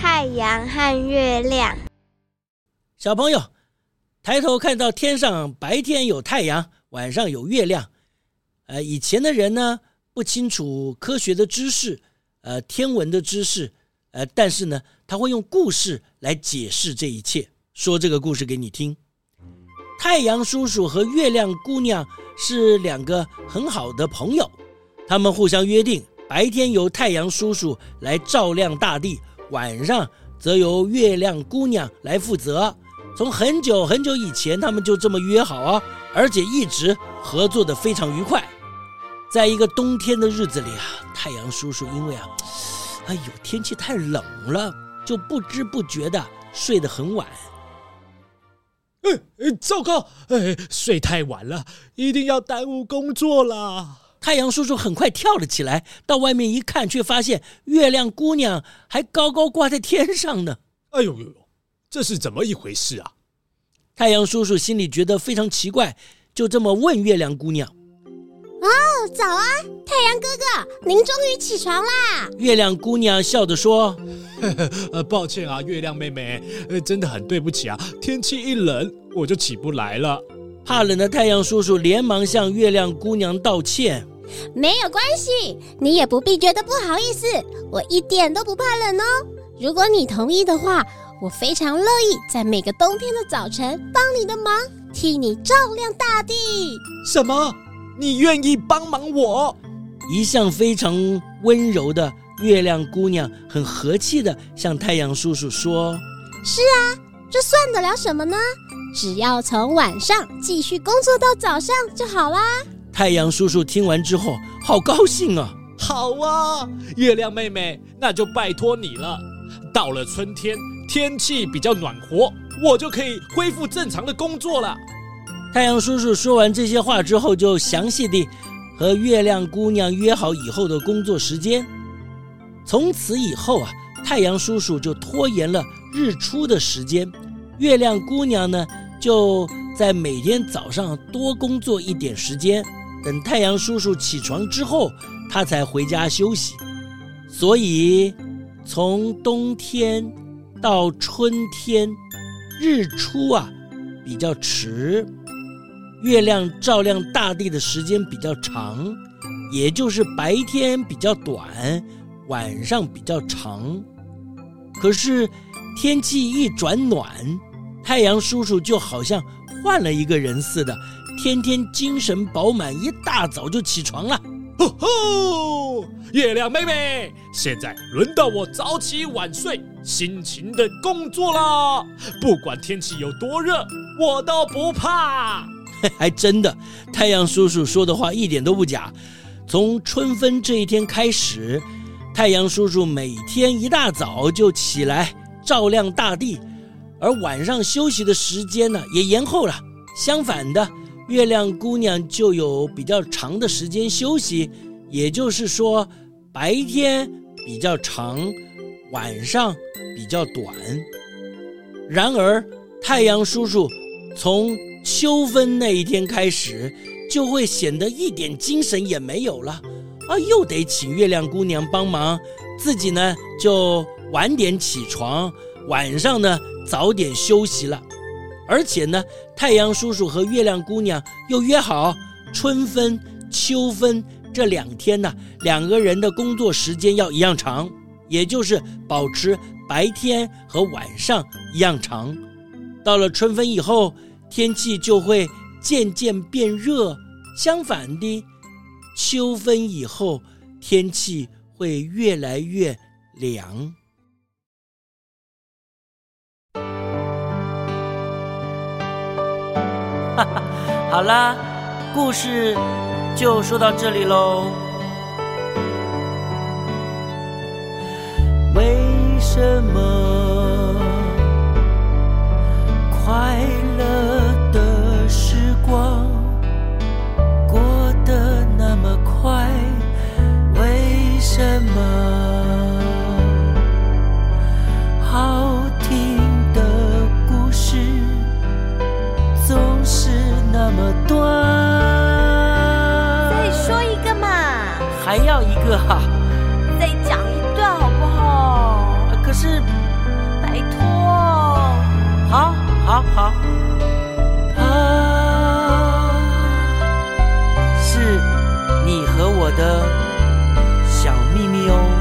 太陽和月亮，小朋友抬頭看到天上，白天有太陽，晚上有月亮。呃，以前的人呢，不清楚科學的知識，呃，天文的知識，呃，但是呢，他會用故事來解釋這一切。說這個故事給你聽：太陽叔叔和月亮姑娘是兩個很好的朋友，他們互相約定，白天由太陽叔叔來照亮大地。晚上則由月亮姑娘來負責。從很久很久以前，他們就這麼約好啊，而且一直合作得非常愉快。在一個冬天的日子裡啊，太陽叔叔因為啊，哎呦，天氣太冷了，就不知不覺地睡得很晚。嗯、哎哎，糟糕，哎，睡太晚了，一定要耽誤工作啦。太陽叔叔很快跳了起來，到外面一看，卻發現月亮姑娘還高高掛在天上呢。哎呦呦呦，這是怎麼一回事啊？太陽叔叔心裡覺得非常奇怪，就這麼問月亮姑娘：“哦，早啊，太陽哥哥，您終於起床啦！”月亮姑娘笑着說：“呃呵呵，抱歉啊，月亮妹妹，呃，真的很對不起啊，天氣一冷我就起不來了。”怕冷的太陽叔叔連忙向月亮姑娘道歉。沒有關係，你也不必覺得不好意思。我一點都不怕冷哦。如果你同意的話，我非常樂意在每個冬天的早晨幫你的忙，替你照亮大地。什麼？你願意幫忙我？一向非常溫柔的月亮姑娘很和氣地向太陽叔叔說：“是啊，這算得了什麼呢？只要從晚上繼續工作到早上就好啦。”太陽叔叔聽完之後，好高興啊！好啊，月亮妹妹，那就拜託你了。到了春天，天氣比較暖和，我就可以恢復正常的工作了。太陽叔叔說完這些話之後，就詳細地和月亮姑娘約好以後的工作時間。從此以後啊，太陽叔叔就拖延了日出的時間，月亮姑娘呢，就在每天早上多工作一點時間。等太陽叔叔起床之後，他才回家休息。所以，從冬天到春天，日出啊比較遲，月亮照亮大地的時間比較長，也就是白天比較短，晚上比較長。可是，天氣一轉暖，太陽叔叔就好像換了一個人似的。天天精神飽滿，一大早就起床了。吼吼！月亮妹妹，現在輪到我早起晚睡，辛勤的工作啦。不管天氣有多熱，我都不怕。還真的，太陽叔叔說的話一點都不假。從春分這一天開始，太陽叔叔每天一大早就起來照亮大地，而晚上休息的時間呢，也延後了。相反的。月亮姑娘就有比較長的時間休息，也就是說，白天比較長，晚上比較短。然而，太陽叔叔從秋分那一天開始，就會顯得一點精神也沒有了，啊，又得請月亮姑娘幫忙，自己呢就晚點起床，晚上呢早點休息了。而且呢，太陽叔叔和月亮姑娘又約好，春分、秋分這兩天呢，啊，兩個人的工作時間要一樣長，也就是保持白天和晚上一樣長。到了春分以後，天氣就會漸漸變熱；相反的，秋分以後，天氣會越來越涼。 好啦，故事就說到這裡嘍。為什麼快樂的時光過得那麼快？為什麼？哈，再講一段好不好？可是，拜托，好，好，好，它是你和我的小秘密哦。